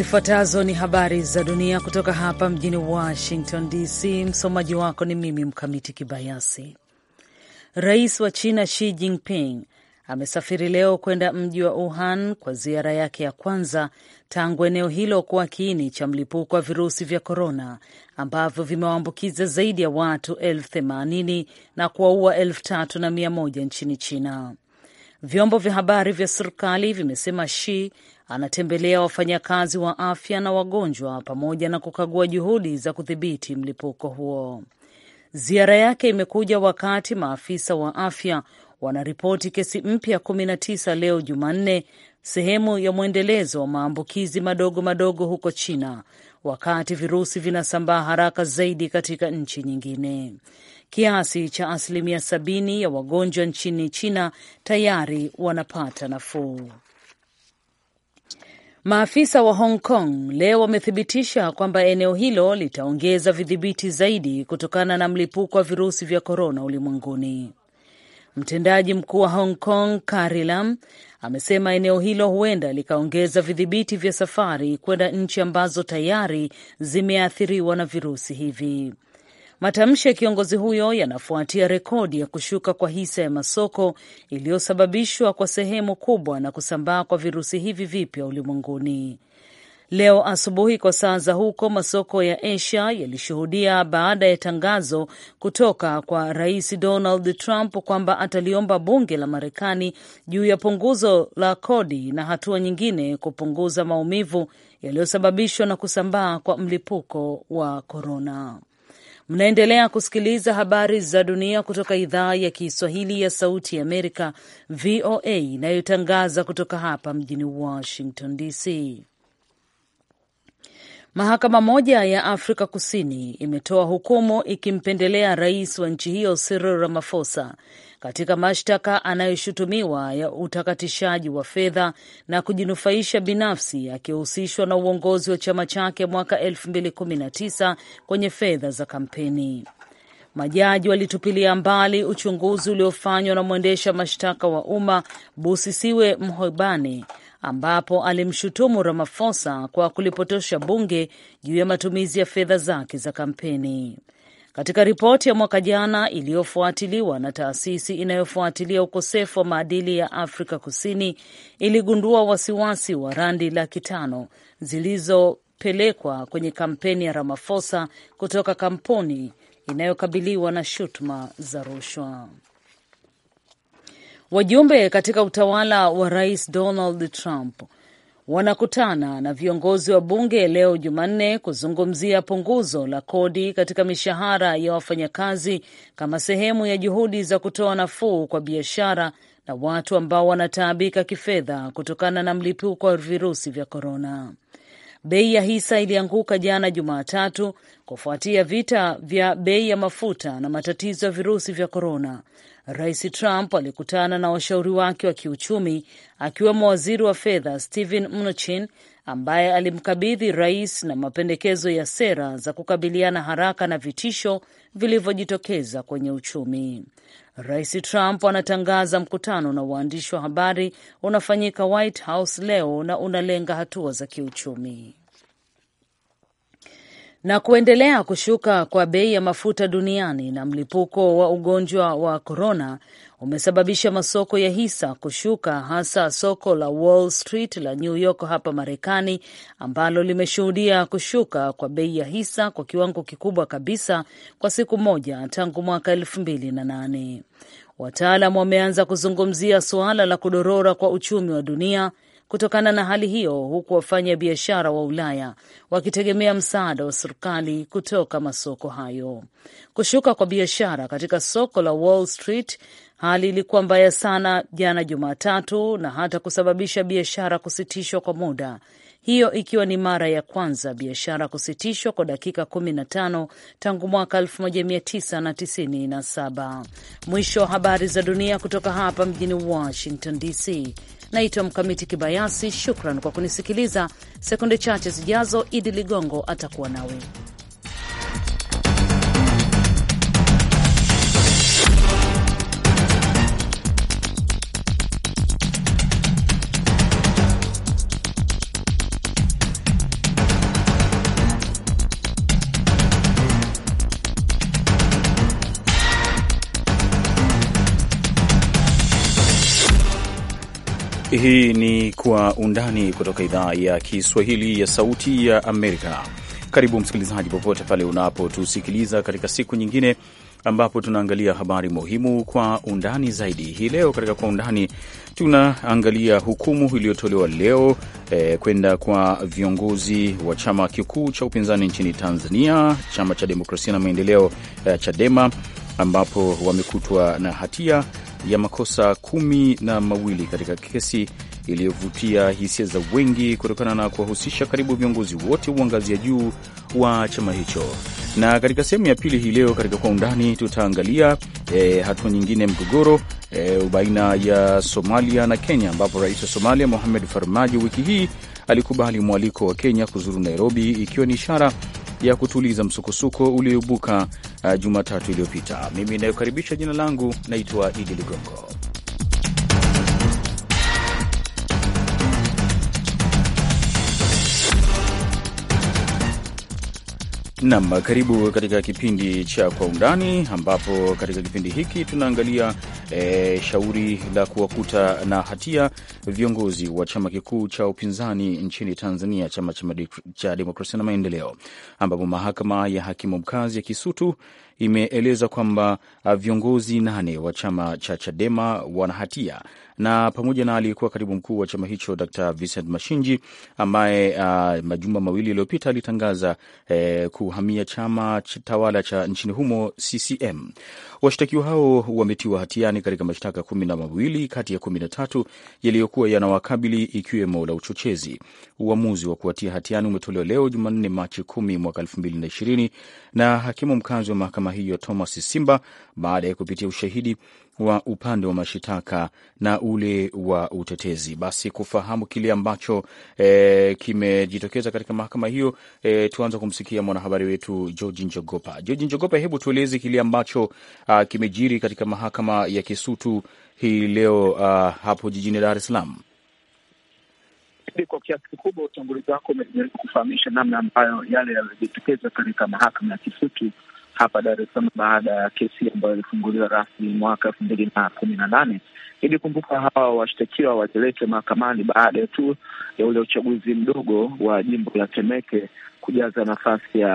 Zifuatazo ni habari za dunia kutoka hapa mjini Washington DC. Msomaji wako ni mimi Mkamiti Kibayasi. Rais wa China Xi Jinping amesafiri leo kwenda mji wa Wuhan kwa ziara yake ya kwanza tangu eneo hilo kuwa kiini cha mlipuko wa virusi vya korona ambavyo vimewaambukiza zaidi ya watu elfu themanini na kuwaua elfu tatu na mia moja nchini China. Vyombo vya habari vya serikali vimesema Shi anatembelea wafanyakazi wa afya na wagonjwa pamoja na kukagua juhudi za kudhibiti mlipuko huo. Ziara yake imekuja wakati maafisa wa afya wanaripoti kesi mpya 19 leo Jumanne, sehemu ya mwendelezo wa maambukizi madogo madogo huko China, wakati virusi vinasambaa haraka zaidi katika nchi nyingine. Kiasi cha asilimia sabini ya wagonjwa nchini China tayari wanapata nafuu. Maafisa wa Hong Kong leo wamethibitisha kwamba eneo hilo litaongeza vidhibiti zaidi kutokana na mlipuko wa virusi vya korona ulimwenguni. Mtendaji mkuu wa Hong Kong Carrie Lam amesema eneo hilo huenda likaongeza vidhibiti vya safari kwenda nchi ambazo tayari zimeathiriwa na virusi hivi. Matamshi ya kiongozi huyo yanafuatia rekodi ya kushuka kwa hisa ya masoko iliyosababishwa kwa sehemu kubwa na kusambaa kwa virusi hivi vipya ulimwenguni. Leo asubuhi kwa saa za huko, masoko ya Asia yalishuhudia baada ya tangazo kutoka kwa Rais Donald Trump kwamba ataliomba bunge la Marekani juu ya punguzo la kodi na hatua nyingine kupunguza maumivu yaliyosababishwa na kusambaa kwa mlipuko wa korona. Mnaendelea kusikiliza habari za dunia kutoka idhaa ya Kiswahili ya Sauti ya Amerika, VOA, inayotangaza kutoka hapa mjini Washington DC. Mahakama moja ya Afrika Kusini imetoa hukumu ikimpendelea rais wa nchi hiyo Cyril Ramaphosa katika mashtaka anayoshutumiwa ya utakatishaji wa fedha na kujinufaisha binafsi akihusishwa na uongozi wa chama chake mwaka 2019 kwenye fedha za kampeni. Majaji walitupilia mbali uchunguzi uliofanywa na mwendesha mashtaka wa umma Busisiwe Mhoibane ambapo alimshutumu Ramaphosa kwa kulipotosha bunge juu ya matumizi ya fedha zake za kampeni. Katika ripoti ya mwaka jana iliyofuatiliwa na taasisi inayofuatilia ukosefu wa maadili ya Afrika Kusini iligundua wasiwasi wa randi laki tano zilizopelekwa kwenye kampeni ya Ramaphosa kutoka kampuni inayokabiliwa na shutuma za rushwa. Wajumbe katika utawala wa Rais Donald Trump wanakutana na viongozi wa bunge leo Jumanne kuzungumzia punguzo la kodi katika mishahara ya wafanyakazi kama sehemu ya juhudi za kutoa nafuu kwa biashara na watu ambao wanataabika kifedha kutokana na mlipuko wa virusi vya korona. Bei ya hisa ilianguka jana Jumatatu kufuatia vita vya bei ya mafuta na matatizo ya virusi vya korona, Rais Trump alikutana na washauri wake wa kiuchumi akiwemo waziri wa fedha Steven Mnuchin ambaye alimkabidhi rais na mapendekezo ya sera za kukabiliana haraka na vitisho vilivyojitokeza kwenye uchumi. Rais Trump anatangaza mkutano na waandishi wa habari unafanyika White House leo na unalenga hatua za kiuchumi. Na kuendelea kushuka kwa bei ya mafuta duniani na mlipuko wa ugonjwa wa korona umesababisha masoko ya hisa kushuka, hasa soko la Wall Street la New York hapa Marekani, ambalo limeshuhudia kushuka kwa bei ya hisa kwa kiwango kikubwa kabisa kwa siku moja tangu mwaka elfu mbili na nane. Wataalam wameanza kuzungumzia suala la kudorora kwa uchumi wa dunia kutokana na hali hiyo, huku wafanya biashara wa Ulaya wakitegemea msaada wa serikali kutoka masoko hayo. Kushuka kwa biashara katika soko la Wall Street Hali ilikuwa mbaya sana jana Jumatatu na hata kusababisha biashara kusitishwa kwa muda, hiyo ikiwa ni mara ya kwanza biashara kusitishwa kwa dakika 15 tangu mwaka 1997. Mwisho wa habari za dunia kutoka hapa mjini Washington DC. Naitwa Mkamiti Kibayasi. Shukran kwa kunisikiliza. Sekunde chache zijazo, Idi Ligongo atakuwa nawe. Hii ni Kwa Undani kutoka idhaa ya Kiswahili ya Sauti ya Amerika. Karibu msikilizaji, popote pale unapotusikiliza katika siku nyingine ambapo tunaangalia habari muhimu kwa undani zaidi. Hii leo katika Kwa Undani tunaangalia hukumu iliyotolewa leo eh, kwenda kwa viongozi wa chama kikuu cha upinzani nchini Tanzania, chama cha demokrasia na maendeleo eh, Chadema ambapo wamekutwa na hatia ya makosa kumi na mawili katika kesi iliyovutia hisia za wengi kutokana na kuwahusisha karibu viongozi wote wa ngazi ya juu wa chama hicho. Na katika sehemu ya pili hii leo katika Kwa Undani tutaangalia e, hatua nyingine ya mgogoro e, baina ya Somalia na Kenya, ambapo rais wa Somalia Mohamed Farmajo wiki hii alikubali mwaliko wa Kenya kuzuru Nairobi, ikiwa ni ishara ya kutuliza msukosuko ulioibuka uh, Jumatatu iliyopita. Mimi inayokaribisha, jina langu naitwa Idi Ligongo. Nam, karibu katika kipindi cha Kwa Undani, ambapo katika kipindi hiki tunaangalia e, shauri la kuwakuta na hatia viongozi wa chama kikuu cha upinzani nchini Tanzania, chama cha Demokrasia na Maendeleo, ambapo mahakama ya hakimu mkazi ya Kisutu imeeleza kwamba uh, viongozi nane wa chama cha Chadema wana hatia na pamoja na aliyekuwa katibu mkuu wa chama hicho Dr Vincent Mashinji ambaye uh, majumba mawili yaliyopita alitangaza eh, kuhamia chama tawala cha nchini humo CCM. Washtakiwa hao wametiwa hatiani katika mashtaka kumi na mawili kati ya kumi na tatu yaliyokuwa yanawakabili ikiwemo la uchochezi. Uamuzi wa kuwatia hatiani umetolewa leo Jumanne, Machi kumi mwaka elfu mbili na ishirini na hakimu mkazi wa mahakama mahakama hiyo Thomas Simba baada ya kupitia ushahidi wa upande wa mashitaka na ule wa utetezi. Basi kufahamu kile ambacho e, kimejitokeza katika mahakama hiyo e, tuanze kumsikia mwanahabari wetu Georgi Njogopa. Georgi Njogopa, hebu tueleze kile ambacho a, ah, kimejiri katika mahakama ya Kisutu hii leo a, ah, hapo jijini Dar es Salaam. Kwa kiasi kikubwa utangulizi wako umejaribu kufahamisha namna ambayo yale yalijitokeza katika mahakama ya Kisutu hapa Dar es Salaam baada ya kesi ambayo ilifunguliwa rasmi mwaka elfu mbili na kumi na nane ili kumbuka hawa washtakiwa wapeleke mahakamani baada tu ya ule uchaguzi mdogo wa jimbo la Temeke kujaza nafasi ya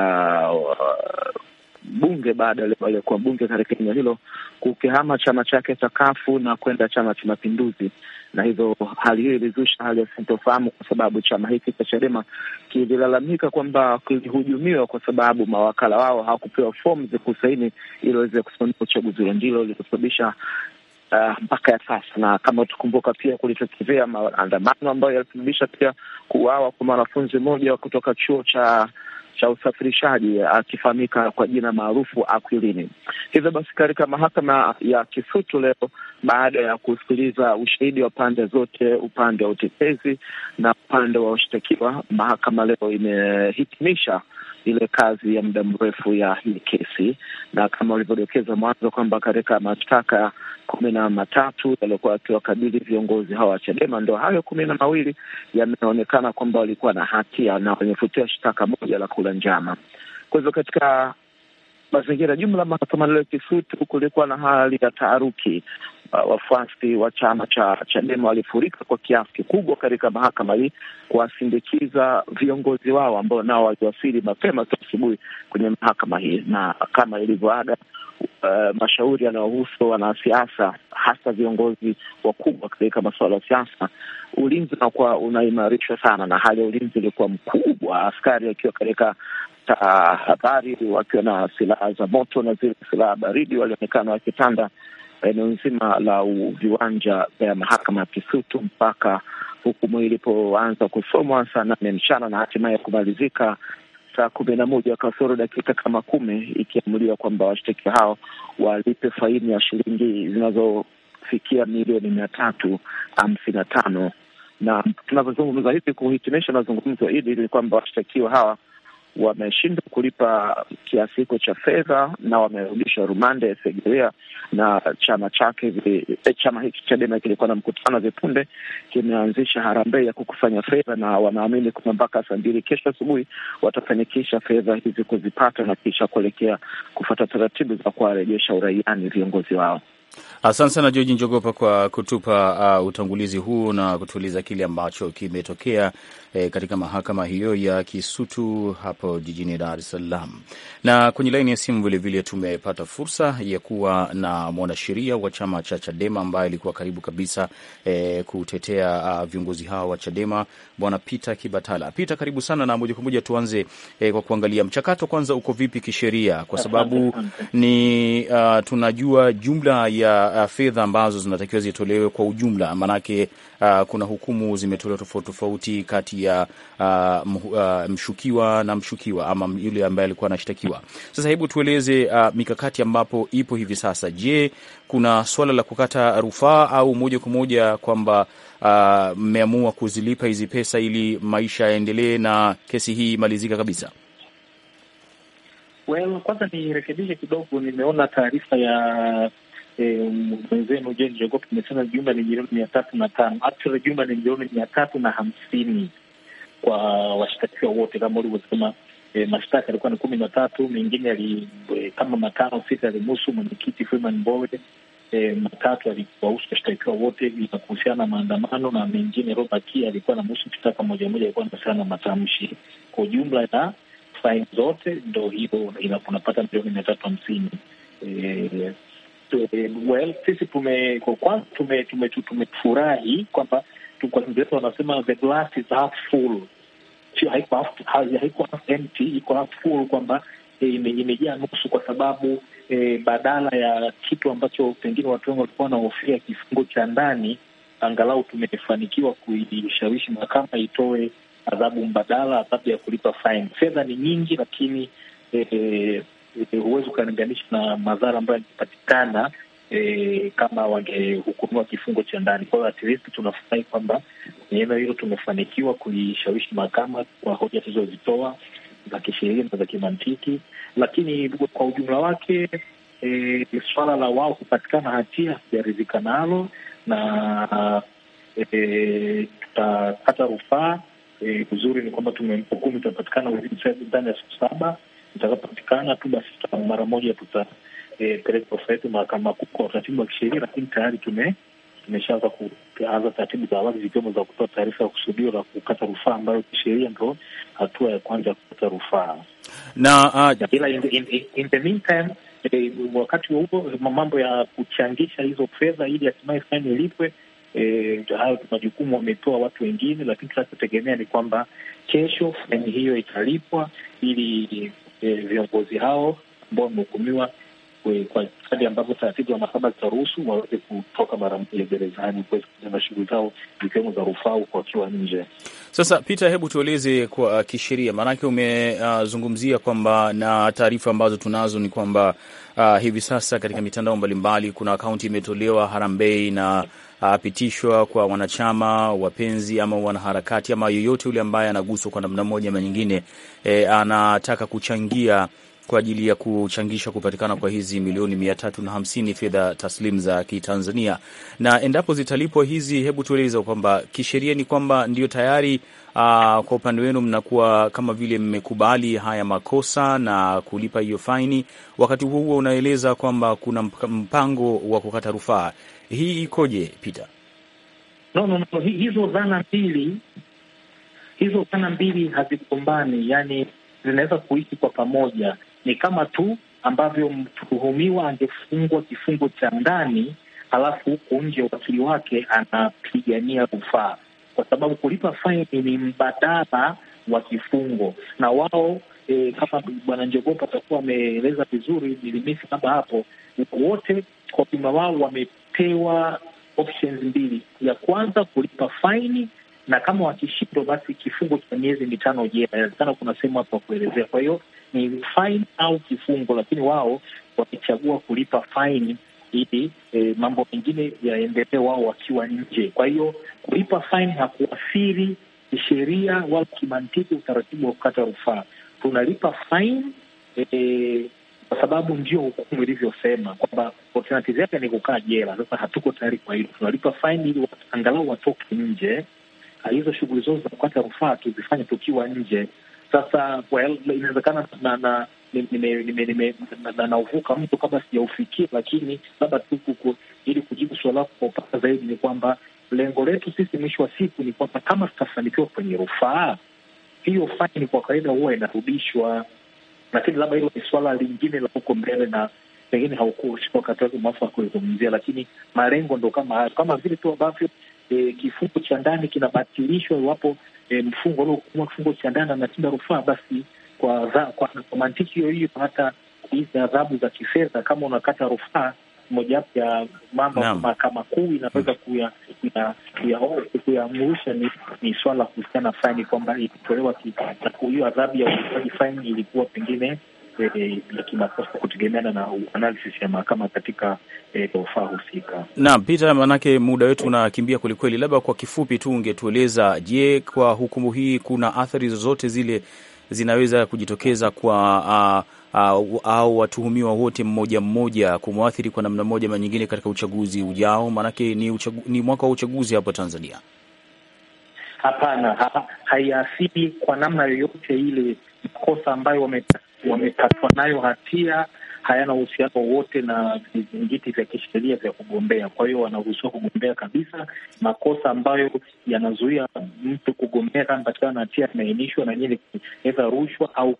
uh, bunge baada ya aliyekuwa mbunge katika eneo hilo kukihama chama chake sakafu na kwenda Chama cha Mapinduzi na hivyo hali hiyo ilizusha hali ya sintofahamu, kwa sababu chama hiki cha Chadema kililalamika kwamba kilihujumiwa kwa sababu mawakala wao hawakupewa fomu za kusaini ili waweze kusimamia uchaguzi huo. Ndilo lilosababisha eh, mpaka uh, ya sasa. Na kama tukumbuka, pia kulitokezea maandamano ambayo yalisababisha pia kuuawa kwa mwanafunzi mmoja kutoka chuo cha cha usafirishaji akifahamika kwa jina maarufu Akwilini. Hivyo basi, katika mahakama ya Kisutu leo baada ya kusikiliza ushahidi wa pande zote, upande wa utetezi na upande wa ushtakiwa. Mahakama leo imehitimisha ile kazi ya muda mrefu ya hii kesi, na kama walivyodokeza mwanzo kwamba katika mashtaka kumi na matatu yaliokuwa yakiwakabili viongozi hawa wa Chadema, ndo hayo kumi na mawili yameonekana kwamba walikuwa na hatia na wamefutia shtaka moja la kula njama. Kwa hivyo katika mazingira jumla mahakamani leo Kisutu kulikuwa na hali ya taharuki, uh, wafuasi wa chama cha Chadema walifurika kwa kiasi kikubwa katika mahakama hii kuwasindikiza viongozi wao ambao nao waliwasili mapema tu asubuhi kwenye mahakama hii, na kama ilivyoaga Uh, mashauri yanayohusu wanasiasa hasa viongozi wakubwa katika masuala ya siasa, ulinzi unakuwa unaimarishwa sana, na hali ya ulinzi ilikuwa mkubwa, askari wakiwa katika uh, habari, wakiwa na silaha za moto na zile silaha baridi, walionekana wakitanda eneo nzima la viwanja vya mahakama ya Kisutu mpaka hukumu ilipoanza kusomwa saa nane mchana na hatimaye kumalizika saa kumi na moja kasoro dakika kama kumi, ikiamuliwa kwamba washtakiwa hao walipe faini ya shilingi zinazofikia milioni mia tatu hamsini na tano na tunavyozungumza hivi, kuhitimisha mazungumzo hili, ni kwamba washtakiwa hawa wameshindwa kulipa kiasi hiko cha fedha na wamerudisha rumande Segerea, na chama chake e, chama hiki Chadema kilikuwa na mkutano vipunde, kimeanzisha harambee ya kukusanya fedha, na wanaamini kwamba mpaka saa mbili kesho asubuhi watafanikisha fedha hizi kuzipata, na kisha kuelekea kufata taratibu za kuwarejesha uraiani viongozi wao. Asante sana George Njogopa kwa kutupa uh, utangulizi huu na kutueleza kile ambacho kimetokea eh, katika mahakama hiyo ya Kisutu hapo jijini Dar es Salaam. Na kwenye laini ya simu vilevile tumepata fursa ya kuwa na mwanasheria wa chama cha Chadema ambaye alikuwa karibu kabisa eh, kutetea uh, viongozi hao wa Chadema, Bwana Peter Kibatala. Peter, karibu sana, na moja kwa moja tuanze eh, kwa kuangalia mchakato kwanza uko vipi kisheria, kwa sababu ni uh, tunajua jumla ya ya fedha ambazo zinatakiwa zitolewe kwa ujumla, maanake uh, kuna hukumu zimetolewa tofauti tofauti kati ya uh, uh, mshukiwa na mshukiwa ama yule ambaye alikuwa anashtakiwa. Sasa hebu tueleze uh, mikakati ambapo ipo hivi sasa. Je, kuna swala la kukata rufaa au moja kwa moja kwamba uh, mmeamua uh, kuzilipa hizi pesa ili maisha yaendelee na kesi hii imalizika kabisa? Well, kwanza nirekebishe kidogo, nimeona taarifa ya mwenzenu Jen Jogopa tumesema jumla ni milioni mia tatu na tano actually jumla ni milioni mia tatu na hamsini kwa washtakiwa wote kama ulivyosema. E, mashtaka yalikuwa ni kumi na tatu, mengine yali e, kama matano sita yalimuhusu mwenyekiti Freeman Mbowe. E, matatu aliwahusu washtakiwa wote ya kuhusiana na maandamano na mengine Robert Kia alikuwa anamuhusu kitaka moja moja, alikuwa anahusiana na matamshi. Kwa jumla ya faini zote ndo hiyo unapata milioni mia tatu hamsini. Eh, well, sisi tume kwa kwanza tumefurahi kwamba kwa Kiingereza wanasema the glass is half full, sio haiko half empty, iko half full kwamba eh, imejaa nusu, kwa sababu e, badala ya kitu ambacho pengine watu wengi walikuwa wanahofia kifungo cha ndani, angalau tumefanikiwa kuishawishi mahakama itoe adhabu mbadala, adhabu ya kulipa faini. Fedha ni nyingi, lakini e, Eh, huwezi ukalinganisha na madhara ambayo yangepatikana E, eh, kama wangehukumiwa kifungo cha ndani. Kwa hiyo at least tunafurahi kwamba kwenye eneo hilo tumefanikiwa kuishawishi mahakama kwa hoja tulizozitoa za kisheria na za kimantiki, lakini kwa ujumla wake e, swala la wao kupatikana hatia sijaridhika nalo na e, tutakata rufaa. E, uzuri ni kwamba tumempa tunapatikana itapatikana ndani ya siku saba Itakapopatikana tu basi mara moja tutapeleka eh, ofa yetu mahakama kuu kwa utaratibu wa kisheria, lakini tayari tume tumeshaanza kuanza taratibu za awali zikiwemo za kutoa taarifa ya kusudio la kukata rufaa, ambayo kisheria ndo hatua ya kwanza ya kukata rufaa na uh, ah, ila in, in, in the meantime eh, wakati huo eh, mambo ya kuchangisha hizo fedha ili hatimaye faini ilipwe, eh, majukumu wamepewa watu wengine, lakini tunachotegemea ni kwamba kesho faini hiyo italipwa ili Eh, viongozi hao ambao wamehukumiwa kwa hali ambapo taratibu za mahakama zitaruhusu waweze kutoka mara moja gerezani kuweza kufanya na shughuli zao zikiwemo za rufaa wakiwa nje. Sasa Peter, hebu tueleze kwa uh, kisheria, maanake umezungumzia uh, kwamba na taarifa ambazo tunazo ni kwamba uh, hivi sasa katika mitandao mbalimbali kuna akaunti imetolewa Harambei na uh, apitishwa kwa wanachama wapenzi ama wanaharakati ama yoyote yule ambaye anaguswa kwa namna moja ama nyingine, e, anataka kuchangia kwa ajili ya kuchangisha kupatikana kwa hizi milioni mia tatu na hamsini fedha taslimu za Kitanzania. Na endapo zitalipwa hizi, hebu tueleza kwamba kisheria ni kwamba ndio tayari aa, uh, kwa upande wenu mnakuwa kama vile mmekubali haya makosa na kulipa hiyo faini. Wakati huo huo unaeleza kwamba kuna mpango wa kukata rufaa. Hii ikoje, Peter? No, no, no. Hizo dhana mbili hizo dhana mbili hazikumbani yani zinaweza kuishi kwa pamoja ni kama tu ambavyo mtuhumiwa angefungwa kifungo cha ndani, halafu huku nje wakili wake anapigania rufaa, kwa sababu kulipa faini ni mbadala wa kifungo na wao E, kama Bwana Njogopa atakuwa ameeleza vizuri, nilimisi kama hapo, wote kwa upima wao wamepewa options mbili, ya kwanza kulipa faini na kama wakishindwa, basi kifungo cha miezi mitano jela. Inawezekana kuna sehemu hapa kuelezea. Kwa hiyo ni fain au kifungo, lakini wao wamechagua kulipa faini ili e, mambo mengine yaendelee wao wakiwa nje. Kwa hiyo kulipa faini hakuathiri kisheria wala kimantiki utaratibu wa kukata rufaa. Tunalipa fain e, eh, kwa sababu ndio hukumu ilivyosema kwamba alternative yake ni kukaa jela. Sasa hatuko tayari kwa hilo, tunalipa faini ili angalau watoke nje. Ah, hizo shughuli zote za kukata rufaa tuzifanye tukiwa nje. Sasa well, inawezekana na nauvuka mtu kama sijaufikia, lakini labda tu ili kujibu suala lako kwa upana zaidi ni kwamba lengo letu sisi mwisho wa siku ni kwamba kama tutafanikiwa kwenye rufaa hiyo, faini kwa kawaida huwa inarudishwa, lakini labda hilo ni suala lingine la huko mbele na pengine haukuwa wakati wake mwafaka kuizungumzia, lakini malengo ndo kama hayo, kama vile tu ambavyo e, kifungo cha ndani kinabatilishwa iwapo e, mfungo aliohukumiwa kifungo cha ndani anatinda rufaa, basi kwa, kwa, kwa mantiki hiyo hiyo hata hizi adhabu za kifedha kama unakata rufaa mojawapo ya mambo ya Mahakama Kuu inaweza mm. kuya kuyaamurusha ni, ni swala kuhusiana faini kwamba ilitolewa hiyo adhabu ya ulipaji faini ilikuwa pengine eh, ya kimakosa kutegemeana na analysis ya mahakama katika eh, husika. Naam, Peter, manake muda wetu unakimbia kwelikweli, labda kwa kifupi tu ungetueleza, je, kwa hukumu hii kuna athari zozote zile zinaweza kujitokeza kwa au watuhumiwa wote mmoja mmoja kumwathiri kwa namna moja ama nyingine katika uchaguzi ujao? Maanake ni, ni mwaka wa uchaguzi hapa Tanzania. Hapana, haiathiri kwa namna yoyote ile makosa ambayo wamepata wamepatwa nayo hatia hayana uhusiano wowote na vizingiti vya kisheria vya kugombea. Kwa hiyo wanaruhusiwa kugombea kabisa. Makosa ambayo yanazuia mtu kugombea kama patikana na hatia yameainishwa, na nyini inaweza rushwa au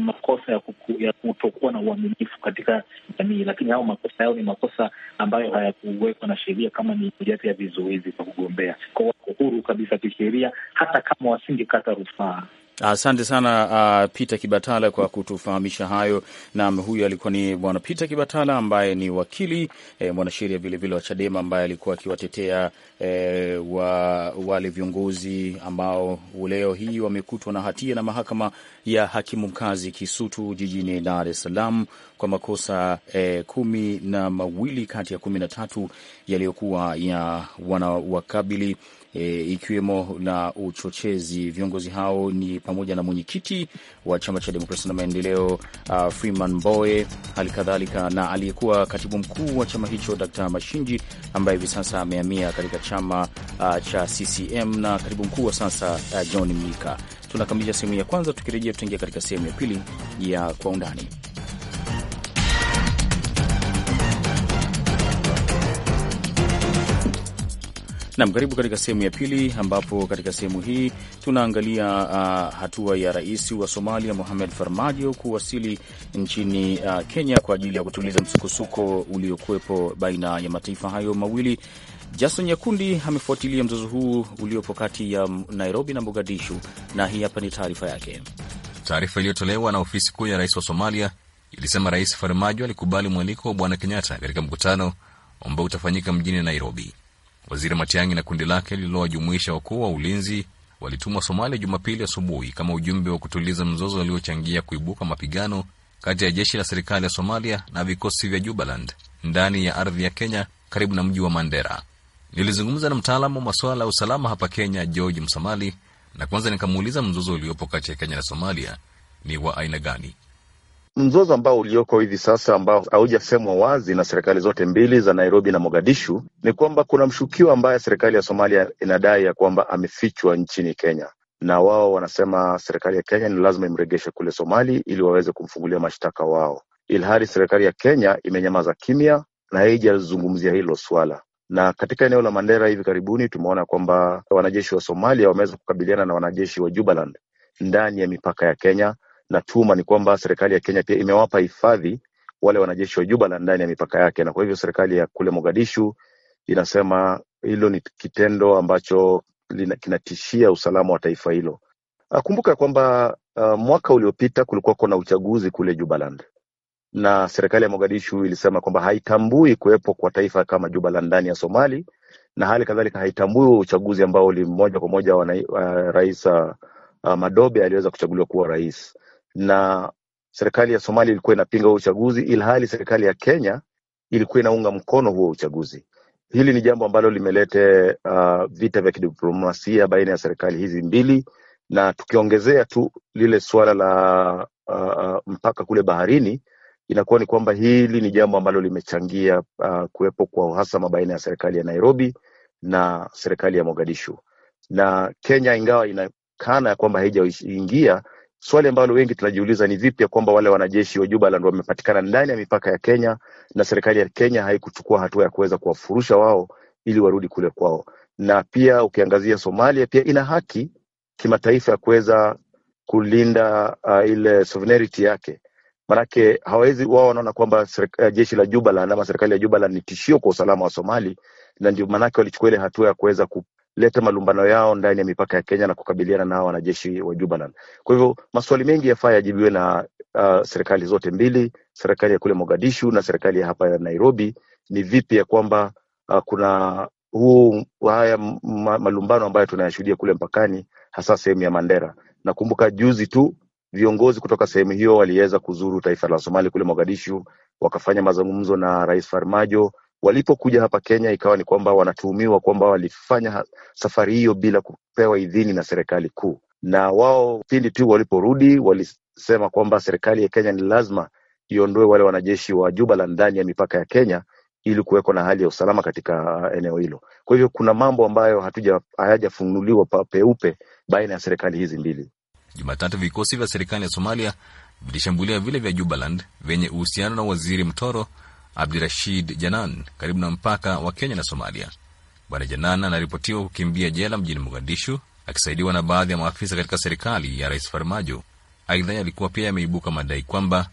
makosa ya, kuku, ya kutokuwa na uaminifu katika jamii, lakini hao makosa yao ni makosa ambayo hayakuwekwa na sheria kama ni mojawapo ya vizuizi vya kugombea. Kwa wako huru kabisa kisheria, hata kama wasingekata rufaa. Asante sana uh, Peter Kibatala kwa kutufahamisha hayo. Naam, huyu alikuwa ni bwana Peter Kibatala ambaye ni wakili e, mwanasheria vilevile wa Chadema ambaye alikuwa akiwatetea e, wa, wale viongozi ambao leo hii wamekutwa na hatia na mahakama ya hakimu mkazi Kisutu jijini Dar es Salaam kwa makosa e, kumi na mawili kati ya kumi na tatu yaliyokuwa ya wanawakabili e, ikiwemo na uchochezi. Viongozi hao ni pamoja na mwenyekiti wa chama cha demokrasia na maendeleo uh, Freeman Mbowe, hali kadhalika na aliyekuwa katibu mkuu wa chama hicho Dr. Mashinji ambaye hivi sasa amehamia katika chama uh, cha CCM na katibu mkuu wa sasa uh, John Mika. Tunakamilisha sehemu ya kwanza, tukirejea tutaingia katika sehemu ya pili ya kwa undani. Nam, karibu katika sehemu ya pili, ambapo katika sehemu hii tunaangalia uh, hatua ya rais wa Somalia Mohamed Farmajo kuwasili nchini uh, Kenya kwa ajili ya kutuliza msukosuko uliokuwepo baina ya mataifa hayo mawili. Jason Nyakundi amefuatilia mzozo huu uliopo kati ya Nairobi na Mogadishu, na hii hapa ni taarifa yake. Taarifa iliyotolewa na ofisi kuu ya rais wa Somalia ilisema Rais Farmajo alikubali mwaliko wa Bwana Kenyatta katika mkutano ambao utafanyika mjini Nairobi. Waziri Matiang'i na kundi lake lililowajumuisha wakuu wa ulinzi walitumwa Somalia Jumapili asubuhi kama ujumbe wa kutuliza mzozo uliochangia kuibuka mapigano kati ya jeshi la serikali ya Somalia na vikosi vya Jubaland ndani ya ardhi ya Kenya karibu na mji wa Mandera. Nilizungumza na mtaalamu wa masuala ya usalama hapa Kenya, George Msamali, na kwanza nikamuuliza mzozo uliopo kati ya Kenya na Somalia ni wa aina gani? Mzozo ambao ulioko hivi sasa ambao haujasemwa wazi na serikali zote mbili za Nairobi na Mogadishu ni kwamba kuna mshukiwa ambaye serikali ya Somalia inadai ya kwamba amefichwa nchini Kenya na wao wanasema serikali ya Kenya ni lazima imregeshe kule Somali ili waweze kumfungulia mashtaka wao, ilhali serikali ya Kenya imenyamaza kimya na haijazungumzia hilo swala. Na katika eneo la Mandera hivi karibuni tumeona kwamba wanajeshi wa Somalia wameweza kukabiliana na wanajeshi wa Jubaland ndani ya mipaka ya Kenya na tuma ni kwamba serikali ya Kenya pia imewapa hifadhi wale wanajeshi wa Juba la ndani ya mipaka yake, na kwa hivyo serikali ya kule Mogadishu inasema hilo ni kitendo ambacho lina, kinatishia usalama wa taifa hilo. Ah, kumbuka kwamba uh, mwaka uliopita kulikuwa kuna uchaguzi kule Jubaland na serikali ya Mogadishu ilisema kwamba haitambui kuwepo kwa taifa kama Jubaland ndani ya Somali na hali kadhalika haitambui uchaguzi ambao uli moja kwa moja wana, uh, ah, rais uh, Madobe aliweza kuchaguliwa kuwa rais na serikali ya Somalia ilikuwa inapinga huo uchaguzi, ilhali serikali ya Kenya ilikuwa inaunga mkono huo uchaguzi. Hili ni jambo ambalo limeleta uh, vita vya kidiplomasia baina ya serikali hizi mbili, na tukiongezea tu lile suala la uh, uh, mpaka kule baharini, inakuwa ni kwamba hili ni jambo ambalo limechangia uh, kuwepo kwa uhasama baina ya serikali ya Nairobi na serikali ya Mogadishu. Na Kenya ingawa inakana ya kwamba haijaingia swali ambalo wengi tunajiuliza ni vipi ya kwamba wale wanajeshi wa Jubaland wamepatikana ndani ya mipaka ya Kenya na serikali ya Kenya haikuchukua hatua ya kuweza kuwafurusha wao ili warudi kule kwao. Na pia ukiangazia Somalia pia ina haki kimataifa ya kuweza kulinda uh, ile sovereignty yake, manake hawawezi wao, wanaona kwamba uh, jeshi la Jubaland ama serikali ya Jubaland ni tishio kwa usalama wa Somali, na ndio manake walichukua ile hatua ya kuweza kuleta malumbano yao ndani ya mipaka ya Kenya na kukabiliana nao wanajeshi wa Jubaland. Kwa hivyo maswali mengi yafaa yajibiwe na uh, serikali zote mbili, serikali ya kule Mogadishu na serikali ya hapa ya Nairobi. Ni vipi ya kwamba uh, kuna huu haya ma, malumbano ambayo tunayashuhudia kule mpakani, hasa sehemu ya Mandera. Nakumbuka juzi tu viongozi kutoka sehemu hiyo waliweza kuzuru taifa la Somali kule Mogadishu, wakafanya mazungumzo na Rais Farmajo walipokuja hapa Kenya ikawa ni kwamba wanatuhumiwa kwamba walifanya safari hiyo bila kupewa idhini na serikali kuu, na wao pindi tu waliporudi walisema kwamba serikali ya Kenya ni lazima iondoe wale wanajeshi wa Jubaland ndani ya mipaka ya Kenya ili kuwekwa na hali ya usalama katika uh, eneo hilo. Kwa hivyo kuna mambo ambayo hatuja hayajafunuliwa peupe baina ya serikali hizi mbili. Jumatatu vikosi vya serikali ya Somalia vilishambulia vile vya Jubaland vyenye uhusiano na Waziri Mtoro Abdirashid Janan karibu na mpaka wa Kenya na Somalia. Bwana Janan anaripotiwa kukimbia jela mjini Mogadishu akisaidiwa na baadhi ya maafisa katika serikali ya Rais Farmajo. Aidha, yalikuwa pia yameibuka madai kwamba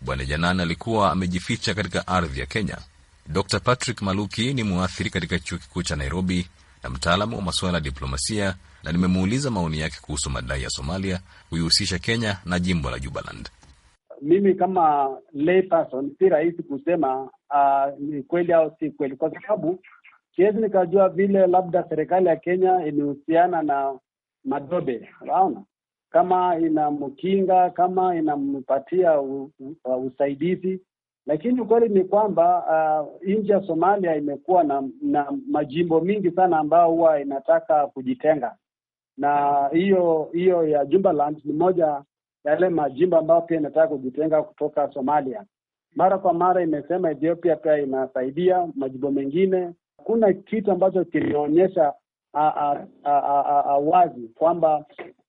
Bwana Janan alikuwa amejificha katika ardhi ya Kenya. Dr Patrick Maluki ni mwathiri katika chuo kikuu cha Nairobi na mtaalamu wa masuala ya diplomasia, na nimemuuliza maoni yake kuhusu madai ya Somalia kuihusisha Kenya na jimbo la Jubaland mimi kama lay person si rahisi kusema uh, ni kweli au si kweli, kwa sababu siwezi nikajua vile labda serikali ya Kenya imehusiana na Madobe, unaona kama inamkinga kama inampatia ah, usaidizi, lakini ukweli ni kwamba uh, nchi ya Somalia imekuwa na, na majimbo mingi sana ambayo huwa inataka kujitenga na hiyo hiyo ya Jumbaland ni moja yale majimbo ambayo pia inataka kujitenga kutoka Somalia. Mara kwa mara imesema Ethiopia pia inasaidia majimbo mengine. Hakuna kitu ambacho kilionyesha wazi kwamba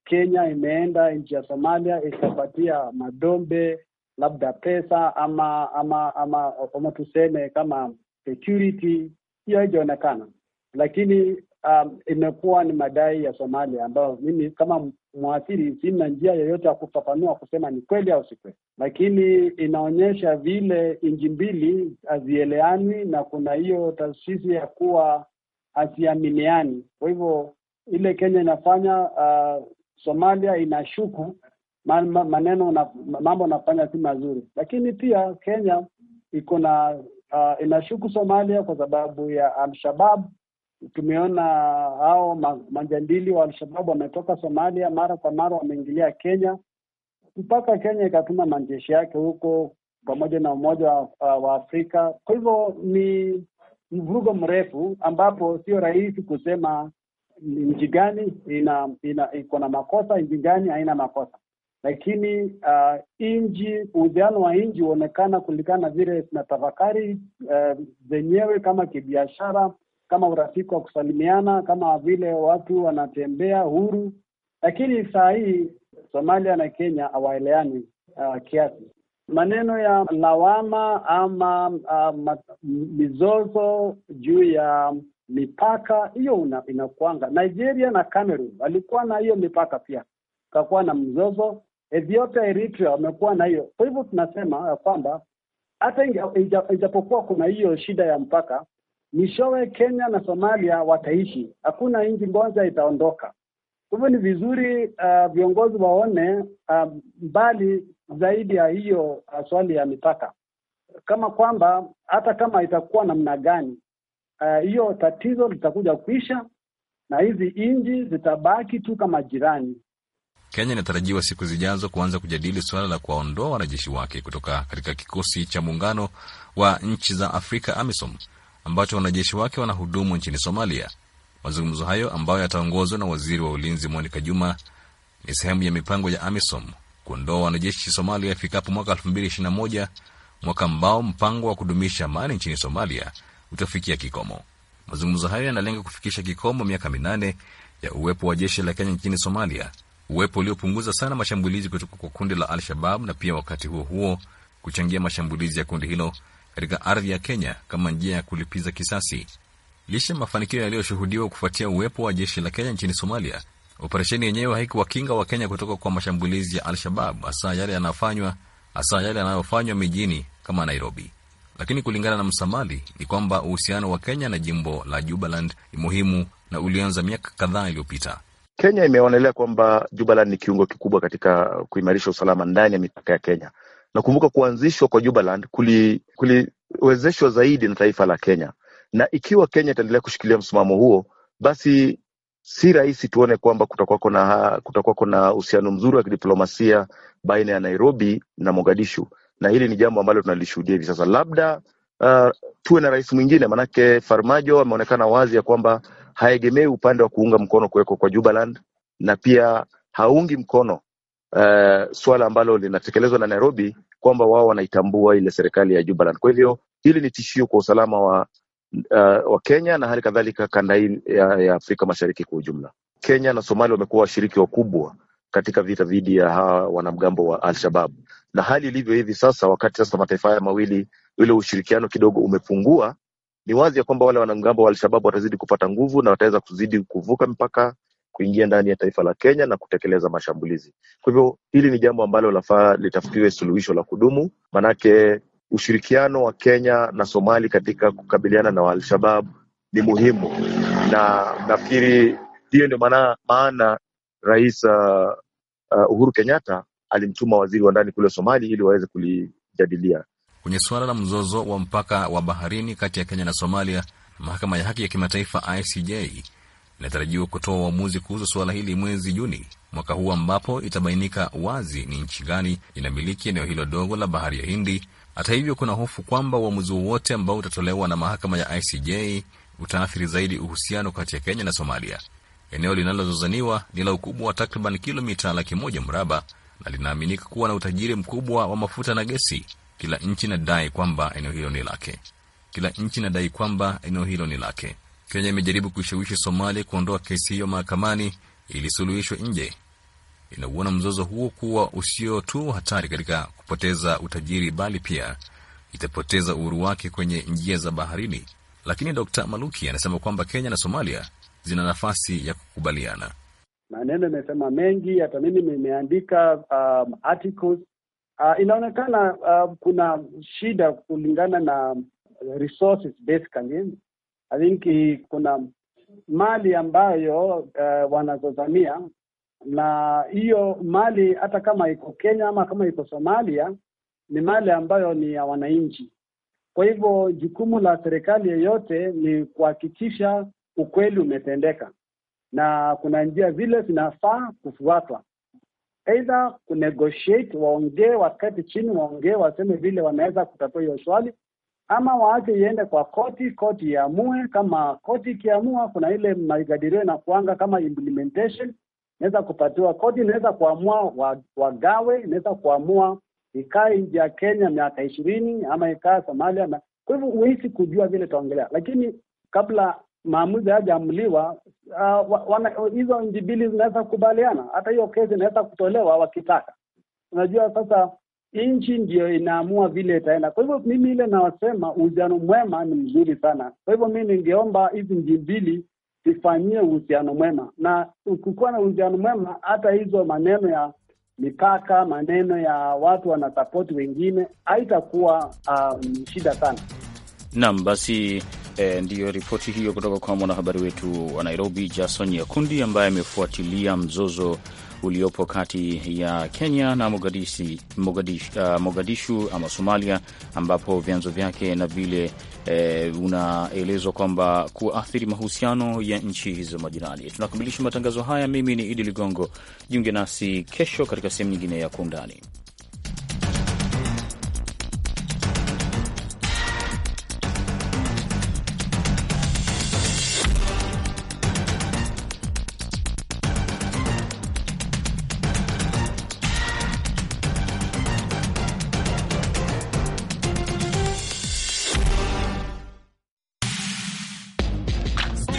Kenya imeenda nchi ya Somalia ikapatia madombe labda pesa ama ama ama, ama tuseme kama security, hiyo haijaonekana lakini um, imekuwa ni madai ya Somalia ambayo mimi kama mwathiri sina njia yoyote ya kufafanua kusema ni kweli au si kweli, lakini inaonyesha vile nchi mbili hazieleani na kuna hiyo taasisi ya kuwa haziaminiani. Kwa hivyo ile Kenya inafanya uh, Somalia inashuku maneno na mambo anafanya si mazuri, lakini pia Kenya iko na uh, inashuku Somalia kwa sababu ya alshabab Tumeona hao majandili wa Alshababu wametoka Somalia, mara kwa mara wameingilia Kenya mpaka Kenya ikatuma majeshi yake huko pamoja na Umoja wa, uh, wa Afrika. Kwa hivyo ni mvurugo mrefu ambapo sio rahisi kusema nchi gani ina, ina iko na makosa, nchi gani haina makosa, lakini uh, nji uhusiano wa nji huonekana kulingana na vile na uh, zenyewe kama kibiashara kama urafiki wa kusalimiana, kama vile watu wanatembea huru, lakini saa hii Somalia na Kenya hawaeleani uh, kiasi maneno ya lawama ama uh, mizozo juu ya mipaka hiyo inakuanga. Nigeria na Cameroon walikuwa na hiyo mipaka pia, kakuwa na mzozo. Ethiopia, Eritrea wamekuwa na hiyo. Kwa hivyo tunasema ya kwamba hata ijapokuwa kuna hiyo shida ya mpaka, Mwishowe Kenya na Somalia wataishi, hakuna nchi moja itaondoka. Kwa hivyo ni vizuri uh, viongozi waone uh, mbali zaidi ya hiyo uh, swali ya mipaka, kama kwamba hata kama itakuwa namna gani uh, hiyo uh, tatizo litakuja kuisha na hizi nchi zitabaki tu kama jirani. Kenya inatarajiwa siku zijazo kuanza kujadili suala la kuwaondoa wanajeshi wake kutoka katika kikosi cha muungano wa nchi za Afrika AMISOM ambacho wanajeshi wake wanahudumu nchini Somalia. Mazungumzo hayo ambayo yataongozwa na waziri wa ulinzi Monica Juma ni sehemu ya mipango ya AMISOM kuondoa wanajeshi Somalia ifikapo mwaka 2021, mwaka ambao mpango wa kudumisha amani nchini Somalia utafikia kikomo. Mazungumzo hayo yanalenga kufikisha kikomo miaka minane ya uwepo wa jeshi la Kenya nchini Somalia, uwepo uliopunguza sana mashambulizi kutoka kwa kundi la Al-Shabab na pia wakati huo huo kuchangia mashambulizi ya kundi hilo katika ardhi ya Kenya kama njia ya kulipiza kisasi. Licha ya mafanikio yaliyoshuhudiwa kufuatia uwepo wa jeshi la Kenya nchini Somalia, operesheni yenyewe haikuwakinga kenya kutoka kwa mashambulizi ya Al-Shabab, hasa yale yanayofanywa hasa yale yanayofanywa mijini kama Nairobi. Lakini kulingana na Msamali ni kwamba uhusiano wa Kenya na jimbo la Jubaland ni muhimu na ulianza miaka kadhaa iliyopita. Kenya imeonelea kwamba Jubaland ni kiungo kikubwa katika kuimarisha usalama ndani ya mipaka ya Kenya. Nakumbuka kuanzishwa kwa Jubaland kuliwezeshwa kuli zaidi na taifa la Kenya, na ikiwa Kenya itaendelea kushikilia msimamo huo, basi si rahisi tuone kwamba kutakuwako na na uhusiano mzuri wa kidiplomasia baina ya Nairobi na Mogadishu, na hili ni jambo ambalo tunalishuhudia hivi sasa. Labda uh, tuwe na rais mwingine, maanake Farmajo ameonekana wazi ya kwamba haegemei upande wa kuunga mkono kuwekwa kwa Jubaland na pia haungi mkono uh, eh, suala ambalo linatekelezwa na Nairobi kwamba wao wanaitambua ile serikali ya Jubaland. Kwa hivyo hili ni tishio kwa usalama wa uh, wa Kenya na hali kadhalika kanda hii ya, ya Afrika Mashariki kwa ujumla. Kenya na Somalia wamekuwa washiriki wakubwa katika vita dhidi ya hawa wanamgambo wa Al-Shabab, na hali ilivyo hivi sasa, wakati sasa mataifa haya mawili ule ushirikiano kidogo umepungua, ni wazi ya kwamba wale wanamgambo wa Al-Shabab watazidi kupata nguvu na wataweza kuzidi kuvuka mpaka kuingia ndani ya taifa la Kenya na kutekeleza mashambulizi. Kwa hivyo hili ni jambo ambalo lafaa litafutiwe suluhisho la kudumu, manake ushirikiano wa Kenya na Somali katika kukabiliana na Al-Shabab ni muhimu, na nafikiri hiyo ndio maana, maana Rais uh, uh, Uhuru Kenyatta alimtuma waziri wa ndani kule Somali ili waweze kulijadilia. Kwenye suala la mzozo wa mpaka wa baharini kati ya Kenya na Somalia, mahakama ya haki ya kimataifa ICJ inatarajiwa kutoa uamuzi kuhusu suala hili mwezi Juni mwaka huu, ambapo itabainika wazi ni nchi gani inamiliki eneo hilo dogo la bahari ya Hindi. Hata hivyo, kuna hofu kwamba uamuzi wowote ambao utatolewa na mahakama ya ICJ utaathiri zaidi uhusiano kati ya Kenya na Somalia. Eneo linalozozaniwa ni la ukubwa wa takriban kilomita laki moja mraba na linaaminika kuwa na utajiri mkubwa wa mafuta na gesi. Kila nchi inadai kwamba eneo hilo ni lake. Kila nchi inadai kwamba eneo hilo ni lake. Kenya imejaribu kuishawishi Somalia kuondoa kesi hiyo mahakamani ili suluhishwe nje. Inauona mzozo huo kuwa usio tu hatari katika kupoteza utajiri, bali pia itapoteza uhuru wake kwenye njia za baharini. Lakini d Maluki anasema kwamba Kenya na Somalia zina nafasi ya kukubaliana. Maneno imesema mengi, hata mimi nimeandika um, articles uh, inaonekana uh, kuna shida kulingana na resources basically I think kuna mali ambayo uh, eh, wanazozamia na hiyo mali hata kama iko Kenya ama kama iko Somalia ni mali ambayo ni ya wananchi. Kwa hivyo jukumu la serikali yoyote ni kuhakikisha ukweli umetendeka, na kuna njia zile zinafaa kufuatwa, aidha kunegotiate, waongee, wakati chini waongee, waseme vile wanaweza kutatua hiyo swali, ama waache iende kwa koti, koti iamue. Kama koti ikiamua, kuna ile maikadirio inakuanga kama implementation, inaweza kupatiwa koti, inaweza kuamua wagawe, inaweza kuamua ikae nje ya Kenya miaka ishirini ama ikae Somalia. Kwa hivyo huwezi kujua vile taongelea, lakini kabla maamuzi hajaamuliwa ah, hizo uh, nchi mbili zinaweza kukubaliana, hata hiyo kesi inaweza kutolewa wakitaka. Unajua sasa nchi ndio inaamua vile itaenda. Kwa hivyo mimi ile nawasema uhusiano mwema ni mzuri sana. Kwa hivyo mi ningeomba hizi nchi mbili zifanyie uhusiano mwema, na ukikuwa na uhusiano mwema, hata hizo maneno ya mipaka, maneno ya watu wanasapoti wengine, haitakuwa um, shida sana. Naam, basi E, ndiyo ripoti hiyo kutoka kwa mwanahabari wetu wa Nairobi, Jason yakundi ambaye amefuatilia mzozo uliopo kati ya Kenya na Mogadishu, Mogadishu, uh, Mogadishu ama Somalia, ambapo vyanzo vyake na vile eh, unaelezwa kwamba kuathiri mahusiano ya nchi hizo majirani. Tunakamilisha matangazo haya. Mimi ni Idi Ligongo, jiunge nasi kesho katika sehemu nyingine ya Kwa Undani.